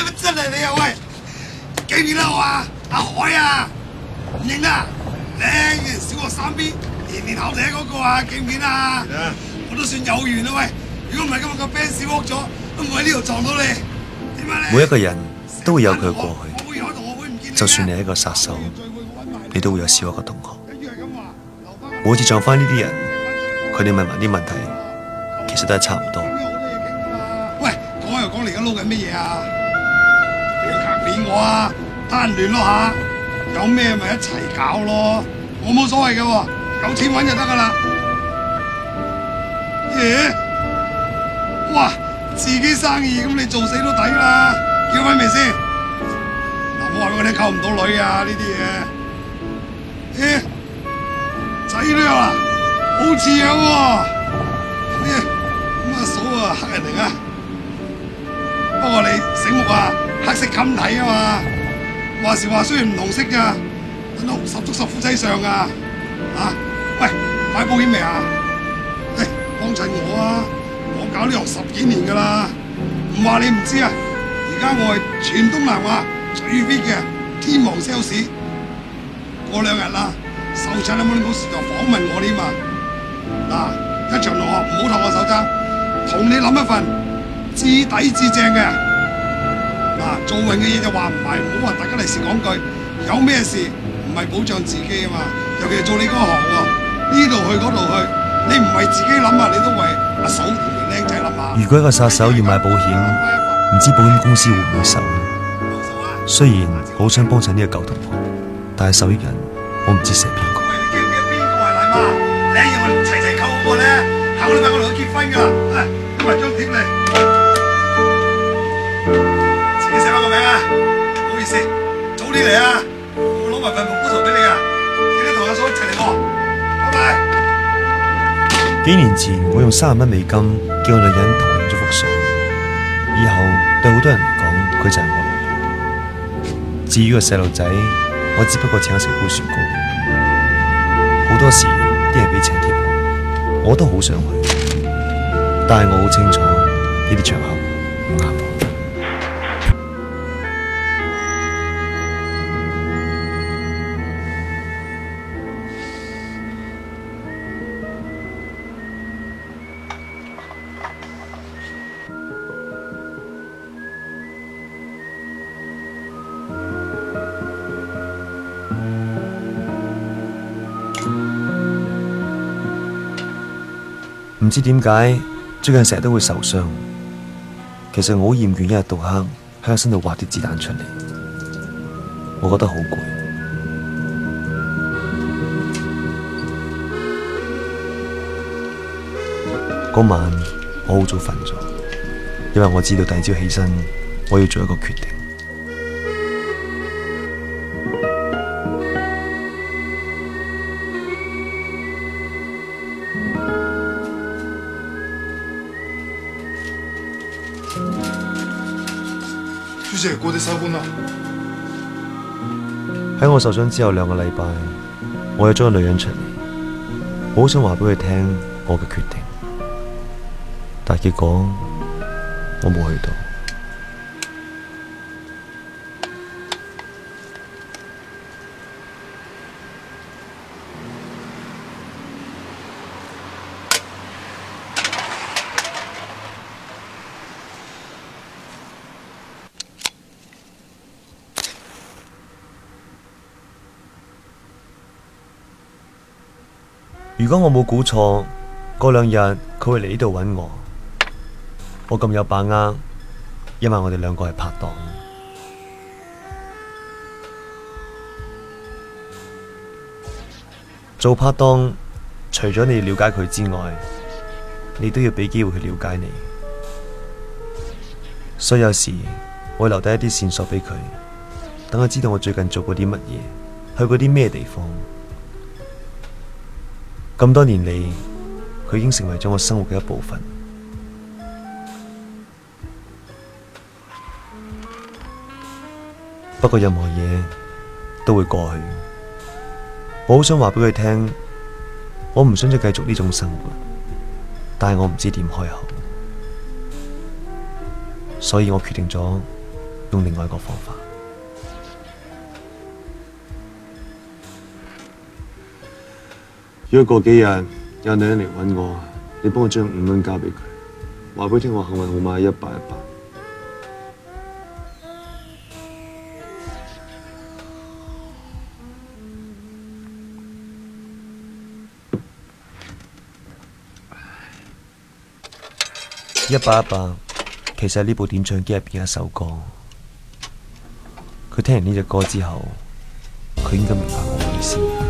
真係你啊喂，見唔見得我啊？阿海啊，唔認啦？你小我三 B，年年考第一嗰個啊，見唔見啊？我都算有緣啊喂，如果唔係今日，個巴士屋咗，都唔會喺呢度撞到你。點解咧？每一個人都會有佢嘅過去，我我會我會見，就算你係一個殺手，你都會有小學嘅同學。好似撞翻呢啲人，佢哋問埋啲問題，其實都係差唔多，多、啊。喂，講又講嚟，你而家撈緊乜嘢啊？俾我啊，攤亂咯吓，有咩咪一齊搞咯，我冇所謂嘅、啊，有錢搵就得噶啦。耶，哇，自己生意咁你做死都抵啦、啊，叫翻未先？嗱、啊，我話我哋溝唔到女啊呢啲嘢。咦，仔女啊，好似樣喎。咦，阿嫂啊，黑、這個啊、人嚟噶？不過你醒目啊。黑色襟底啊嘛，話時話雖然唔同色噶，搵到十足十夫妻相啊！吓、啊，喂，買保險未啊？嚟幫襯我啊！我搞呢行十幾年噶啦，唔話你唔知啊！而家我係全東南亞最 fit 嘅天王 sales，過兩日啦，手診冇妹女士就訪問我添啊！嗱，一場同學唔好同我手踭，同你諗一份至底至正嘅。做運嘅嘢就話唔係，唔好話，大家利時講句，有咩事唔係保障自己啊嘛？尤其是做你嗰行喎，呢度去嗰度去，你唔係自己諗下，你都為阿嫂同埋靚仔諗下。如果一個殺手要買保險，唔、嗯嗯嗯、知保險公司會唔會受咧、嗯嗯嗯嗯嗯嗯？雖然好想幫襯呢個舊同學，但係受益人我唔知寫邊個。你記唔記得邊個係奶媽？你要齊齊扣我咧！下個禮拜我哋要結婚噶啦，哎，咁埋張帖嚟。寫個名啊！唔好意思，早啲嚟啊！我攞埋份報告書俾你啊！記得同阿嫂一齊嚟喎，拜拜。幾年前我用三十蚊美金叫個女人同我影咗幅相，以後對好多人講佢就係我老婆。至於個細路仔，我只不過請佢食杯雪糕。好多時啲人俾請帖，我都好想去，但係我好清楚呢啲場合。唔知點解最近成日都會受傷，其實我好厭倦一日到黑喺身度挖啲子彈出嚟，我覺得好攰。嗰 晚我好早瞓咗，因為我知道第二朝起身我要做一個決定。在喺我受傷之後兩個禮拜，我約咗個女人出嚟，好想話俾佢聽我嘅決定，但結果我冇去到。如果我冇估錯，過兩日佢會嚟呢度揾我。我咁有把握，因為我哋兩個係拍檔。做拍檔，除咗你了解佢之外，你都要俾機會去了解你。所以有時我會留低一啲線索俾佢，等佢知道我最近做過啲乜嘢，去過啲咩地方。咁多年嚟，佢已經成為咗我生活嘅一部分。不過任何嘢都會過去。我好想話俾佢聽，我唔想再繼續呢種生活。但係我唔知點開口，所以我決定咗用另外一個方法。如果過幾日有女人嚟揾我，你幫我將五蚊交俾佢，話俾聽，我幸運號碼一百一百。一百一百，其實係呢部點唱機入邊一首歌。佢聽完呢隻歌之後，佢應該明白我嘅意思。